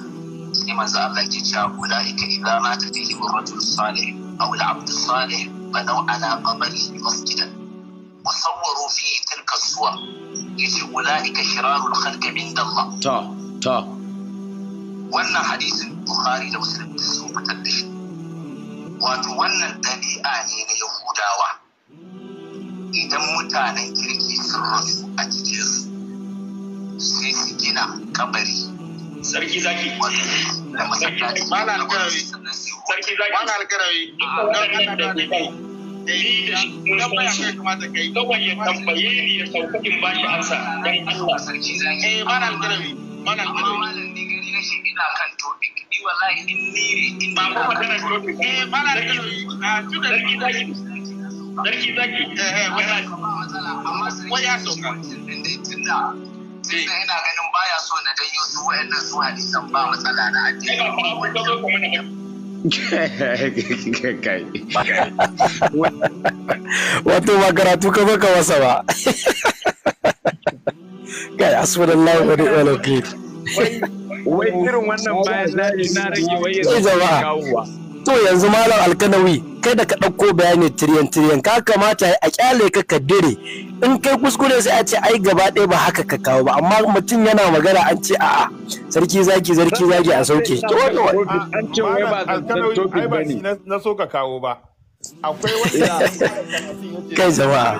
sai manzo Allah ya ce cewa ulaika idza mata fihi rajul salih aw al-abd salih banaw ala qamarihi masjidan wa sawwaru fihi tilka suwa yace ulaika shirarul khalqi inda Allah ta ta wannan hadisin bukhari da muslim sun fitar da shi wato wannan ɗabi'a ne na yahudawa idan mutanen kirki sun rasu a cikinsu sai su gina kabari sarki zaki mana alkarawi sarki zaki mana alkarawi kawai ya tambaye ni ya sauƙaƙin bashi ansa don Allah eh mana alkarawi mana alkarawi ina kan topic ni ni ba eh mala da na ah, tuka sarki zaki eh eh amma waya so ina ganin baya so na danyo su wayannan su hadisan matsala na *laughs* wato ba karatu ka baka wasa ba *laughs* kai da wa ni'mal wai irin wannan bayan zari na rage wai ya kawowa to yanzu malam alkanawi kada ka ɗauko bayani tiriyan tiriyan ka kamata a kyale ka ka dire in kai kuskure sai a ce ai gaba ɗaya ba haka ka kawo ba amma mutum yana magana an ce a'a sarki zaki sarki zaki a sauke an ce wai ba zantar topic ba na so ka kawo ba akwai wanda *laughs* kai jama'a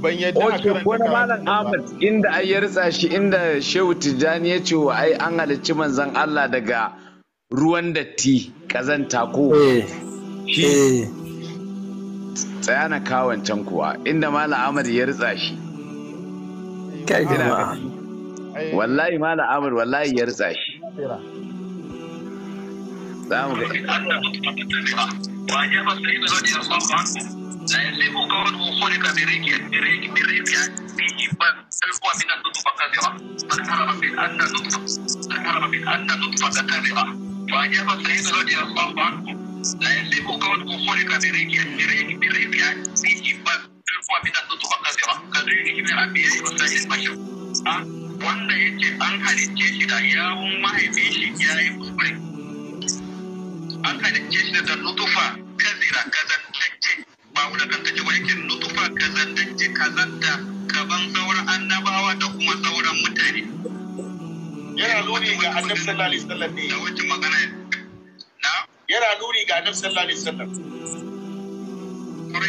ban yadda a karanta ko na malam Ahmad inda ai ya ritsa shi inda Shehu Tijjani ya ce wa ai an halicci manzon Allah daga ruwan datti kazanta ko eh, shi eh. tsaya na kawancan kuwa inda malam Ahmad ya ritsa shi kai gina wallahi malam Ahmad wallahi ya ritsa shi za mu لأنه كونه خلق بريق بريق بريق فيه القوى من النطفة كثيرة فاقترب من أن نطفة اقترب من أن نطفة كثيرة فأجاب سيدنا رضي الله عنه لأنه كونه خلق بريق بريق بريق فيه القوى من النطفة كثيرة كذلك من الأنبياء وسائر البشر wanda yake an halicce shi da yawun mahaifin shi ya yi kuskure an halicce shi da nutufa kazira kazantacce ba wulaƙantacce ba yake nutufa kazantacce kazanta gaban sauran annabawa da kuma sauran mutane yana nuni ga annabi sallallahu alaihi wasallam ne yawancin magana na yana nuni ga annabi sallallahu alaihi wasallam *laughs*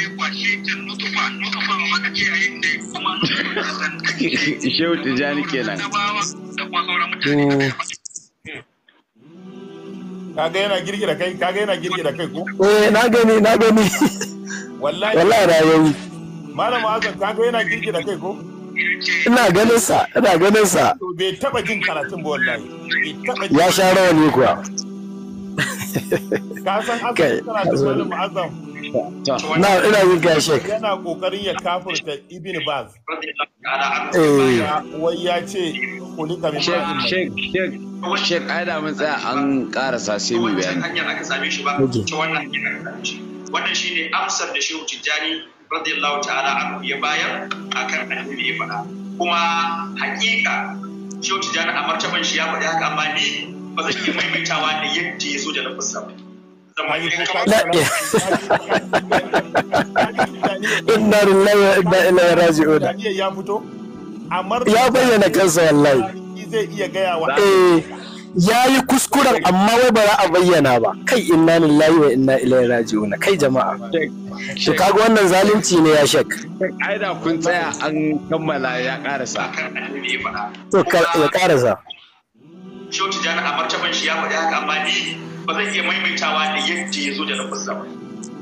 Shehu Tijjani kenan. Hmm. Kaga yana girgira kai, kaga yana girgira kai ko? Eh, na gani, na gani. *laughs* wallahi rayoyi malam azan ga yana girki da kai ko ina ganin sa ina ganin sa bai taba jin karatun ba wallahi ya sha rawa ne kuwa *laughs* ka san azan karatun malam azan na ina yin ga shek yana kokarin ya kafirta ibn baz eh wai ya ce kulika mai shek shek shek ai da mun tsaya an karasa sai mu bayani hanyar aka same shi ba ta wannan hanyar aka same shi wannan ne amsar da shehu tijjani radiyallahu ta'ala anhu ya bayar kan annabi ya faɗa kuma haƙiƙa shehu tijjani a martaban shi ya faɗi haka amma ni ba zan iya maimaitawa da yadda ya so da na fassara Inna lillahi wa inna ilaihi raji'un. Ya bayyana kansa wallahi. Zai iya gaya wa. Eh. ya yi kuskuren amma wai ba za a bayyana ba kai inna lillahi wa inna ilaihi raji'una kai jama'a to kaga wannan zalunci ne ya shek ai da kun tsaya an kammala ya karasa to ya karasa Shehu jana a martaban shi ya faɗi haka amma ni ba zan iya maimaitawa da yadda ya zo da lafazza ba.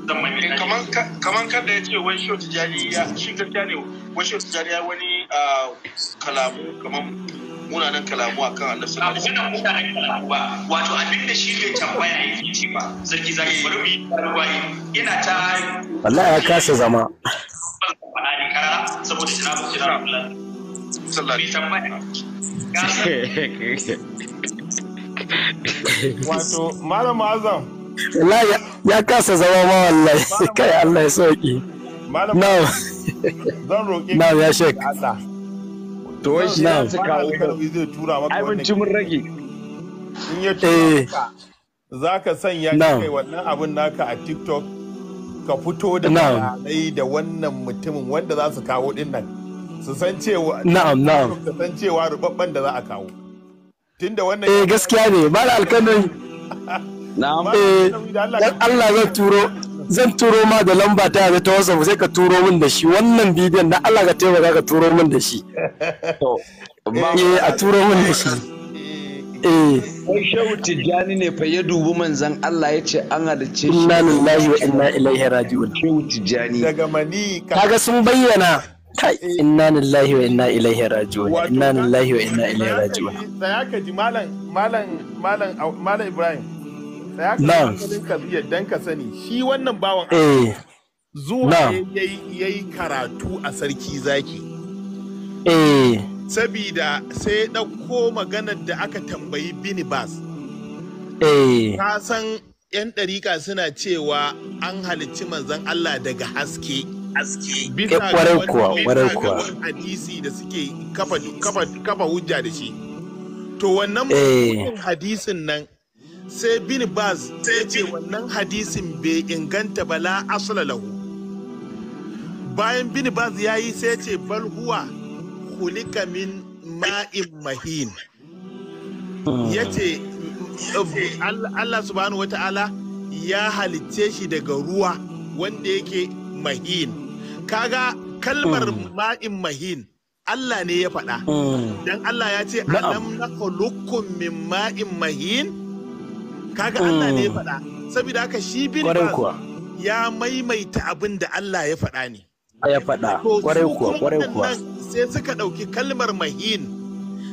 Kaman kada ya ce wani Shehu jani ya shi gaskiya ne wani Shehu ah, Tijjani ya wani kalamu kamar munanan kalamu a kan annabi sallallahu alaihi ba wato abin da shi ne tambaya yake ce ba sarki zaki bari mu yi ina ta Allah ya kasa zama saboda shi na mu kira Allah sallallahu alaihi wasallam wato malam azam wallahi ya kasa zama ma wallahi kai Allah ya sauki malam zan roƙe ka Allah to wai shi na su kawo zai tura maka abinci mun rage in ya tura eh. maka za ka sanya ka kai wannan abin naka a tiktok ka fito da bayanai da wannan mutumin wanda za su kawo din nan su san cewa na'am na'am su san cewa rubabban da za a kawo tunda wannan eh gaskiya ne ba da alkanin na'am eh Allah zai turo zan turo ma da lamba ta yanzu ta wasa sai ka turo min da shi wannan bidiyon na Allah ka taimaka ka turo min da shi eh a turo min da shi eh wai shehu tijjani ne fa ya dubi manzon Allah ya ce an halice shi inna lillahi wa inna ilaihi raji'un shehu tijjani daga mani kaga sun bayyana kai eh. inna lillahi wa inna ilaihi raji'un inna lillahi wa inna ilaihi raji'un sai aka ji malam malam malam malam Ibrahim Tsaya ka dan ka sani shi wannan bawan eh. zuwa ya yi karatu a sarki zaki. Eh. Sabida sai ɗauko maganar da aka tambayi binibas Eh. Ka san 'yan ɗarika suna cewa an halicci manzan Allah daga haske. Haske. Bisa eh, ga hadisi da suke kafa hujja da shi. To wannan eh. hadisin nan sai bin baz ya ce wannan hadisin bai inganta Bala la asala lahu bayan bin baz ya yi sai ce bal huwa hulika min ma'in mahin ya ce Allah subhanahu wata'ala ya halicce shi daga ruwa wanda yake mahin kaga kalmar hmm. ma'in mahin Allah ne ya faɗa hmm. don Allah ya ce alam na min ma'in mahin kaga Allah ne ya mm. faɗa saboda haka shi bin ya maimaita abin da Allah ya faɗa ne ya faɗa kwarai kuwa kwarai kuwa sai suka ɗauki kalmar mahin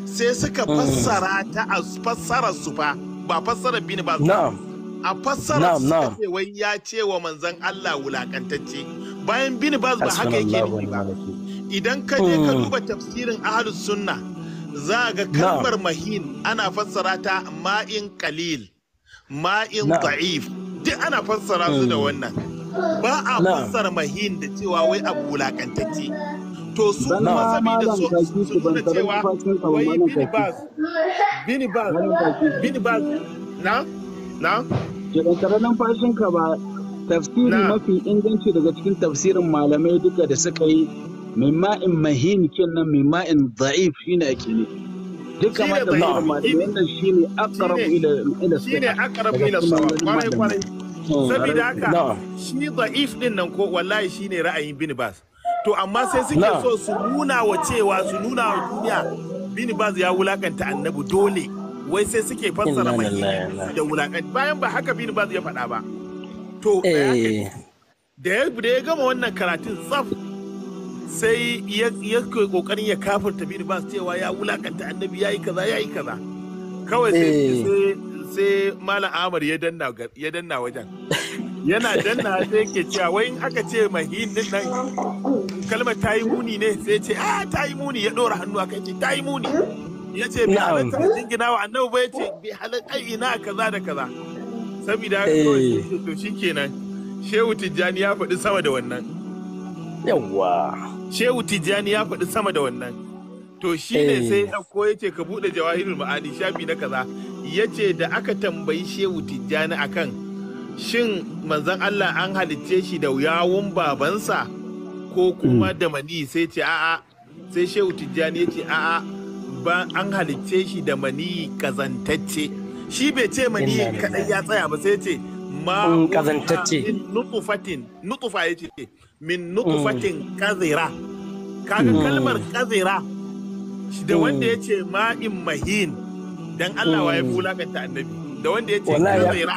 sai suka mm. fassara ta a fassara su fa ba fassara bin ba a fassara su ce wai ya ce wa manzon Allah wulakantacce bayan bin ba ba haka yake nufi ba idan ka je ka mm. duba tafsirin ahlus sunna za ga kalmar mahin ana fassara ta ma'in qalil ma'in da'if duk ana fassara su da hmm. wannan ba a fassara mahin da cewa wai abu wulakantacce to su kuma saboda su su nuna cewa wai binibas binibas binibas na na shekara nan fashin ka ba tafsiri mafi inganci daga cikin tafsirin malamai duka da suka yi mimma'in ma'in mahin kin nan mimma'in ma'in shi ne ake ne duka malamin nan shine aqrabu ila ila shine aqrabu ila sawa kwarai kwarai oh, saboda haka shi da'if din nan ko wallahi shine ra'ayin bin bas to amma sai suke so su nuna wa cewa su nuna wa duniya bin bas ya wulakanta annabi dole wai sai suke fassara mai da wulakanta bayan ba haka bin bas ya faɗa ba to eh. da ya gama wannan karatun tsaf sai ya kokarin ya kafirta bin bas cewa ya wulakanta annabi ya yi kaza ya yi kaza kawai sai eh. malam amur ya danna wajen yana danna sai yake cewa wai in aka ce mahin din nan kalmar ta yi muni ne sai ce a ah, ta yi muni ya ɗora hannu a kai ta yi muni ya ce bi halatta a jingina wa annabi ba ya ce bi halatta ina kaza da kaza saboda haka eh. to shi kenan shehu tijjani ya faɗi sama da wannan yawwa shehu tijjani ya faɗi sama da wannan to shi ne sai ya eh. ko ya ce ka buɗe jawahirul ma'ani shafi na kaza ya ce da aka tambayi shehu tijjani akan shin manzan Allah an halicce shi da yawun babansa ko kuma mm. da mani sai ce a'a sai shehu tijjani ya ce a'a ba an halicce shi da mani kazantacce shi bai ce mani kaɗai ya tsaya ba sai ce ma mm, kazantacce nutufatin nutufa ya ce min fatin qazira mm. kaga mm. kalmar shi da wanda mm. ya ce ma'in mahin dan Allah wa ya fulakanta annabi da wanda ya ce qazira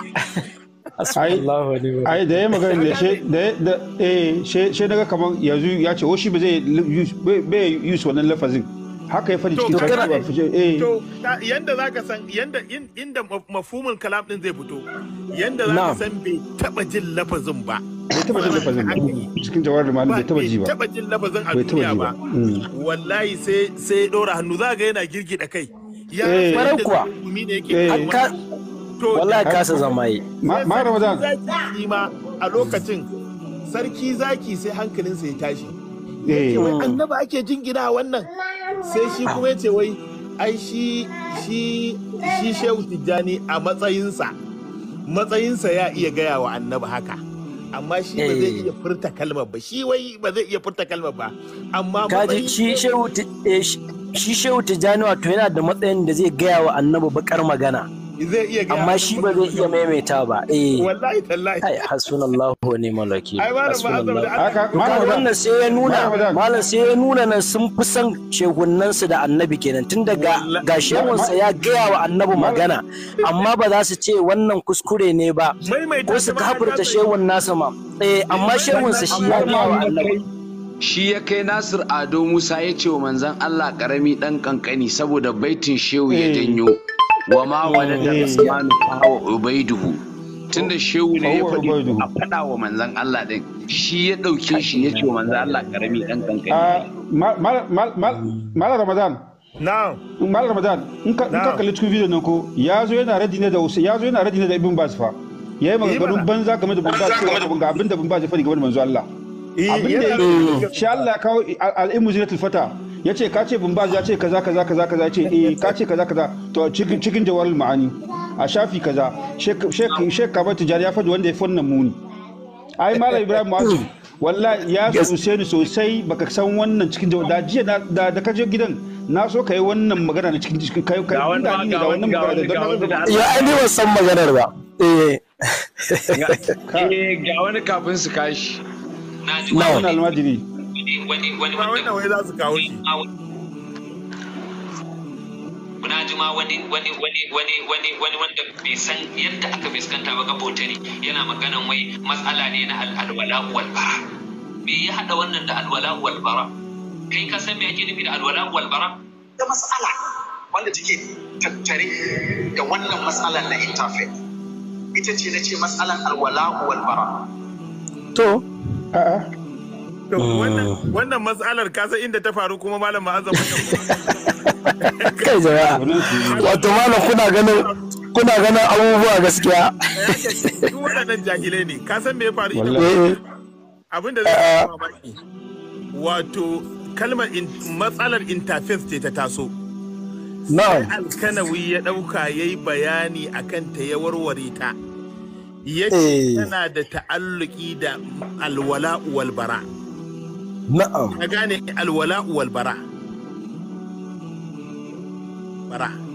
ai da ya magana da shi da daga eh, kamar yanzu ya ce shi ba zai yi use wannan lafazin haka ya fadi cikin kasuwa eh to za ka san yanda inda mafumin kalam din zai fito yanda ka san bai taba jin lafazin ba bai taba jin lafazin ba cikin jawar malam bai taba ji ba taba jin lafazin a duniya ba mm. wallahi sai sai dora hannu za ga yana girgida kai ya farar eh. kuwa eh. wallahi kasa zama yi ma ramadan ma a lokacin sarki zaki sai hankalinsa ya tashi yake eh. wai annaba ake jingina wannan sai shi kuma yace wai ai shi shi shi shehu tijjani a matsayinsa matsayinsa ya iya gaya wa annaba haka amma shi ba zai eh. iya furta kalmar ba shi wai ba zai iya furta kalmar ba amma kaji eh, shi shehu shi shehu tijani wato yana da matsayin da zai gaya wa annabi bakar magana zai iya gaya amma shi ba zai iya maimaita ba eh wallahi tallahi ai hasbunallahu wa ni'mal wakil wannan sai ya nuna malam sai ya nuna nan sun fi son shegunan su da annabi kenan tun daga ga shehun sa ya gaya wa annabi magana amma ba za su ce wannan kuskure ne ba ko su kafirta shehun nasa ma eh amma shehun sa shi ya gaya wa annabi shi ya kai nasir ado musa ya ce wa manzan allah karami dan kankani saboda baitin shehu ya eh. janyo wa ma eh. da usmanu fa ubaiduhu tunda oh. shehu ne ya faɗi a faɗa wa manzan Allah ɗin shi ya ɗauke shi ya ce wa manzan Allah karami ɗan kankani. Ah, Mala Ramadan. Na'am. Mala Ramadan in ka kalli cikin video nan ko ya zo yana radi ne da Usa ya zo yana radi ne da Ibn Bas fa. Ya yi eh, maganganun banza game da banza, ce ga abin da Bumba ya faɗi game da manzo Allah. Eh, abin da ya yi shi Allah ya kawo al'imu zinatul fata. ya ce ka ce bumbaz ya ce kaza kaza kaza kaza ce eh ka ce kaza kaza to cikin jawarul ma'ani a shafi kaza shek kabar tijari ya faɗi wanda ya fi wannan muni ai malam ibrahim masu walla ya sose ni sosai baka san wannan cikin jawar da jiya da da kaje gidan na so ka yi wannan magana na cikin cikin kai kai da ni da wannan magana da ya ban san maganar ba eh ga eh, wani kafin su kashi na wani wani ji ma wani wani wani wani wani wani wanda bai san yadda aka fuskanta ba gabota ne yana maganan wai matsala ne na alwala wal bara me ya hada wannan da alwala wal bara kai ka san me yake nufi da alwala wal bara da matsala wanda take tattare da wannan matsalan na interfaith ita ce nace matsalan matsalar alwala wal bara to a'a Mm. wannan matsalar kasa inda ta faru kuma malam ma'azam kai jama'a wato malam kuna ganin kuna ganin abubuwa gaskiya eh, duk waɗannan jahilai ne ka san me ya faru ita abin da zai eh. mamaki wato kalmar matsalar interface ce ta taso na alkanawi ya ɗauka yi bayani a kan ta ya warware ta ya ce eh. tana da ta'alluki da alwala wal bara' نعم اغاني الولاء والبراء براء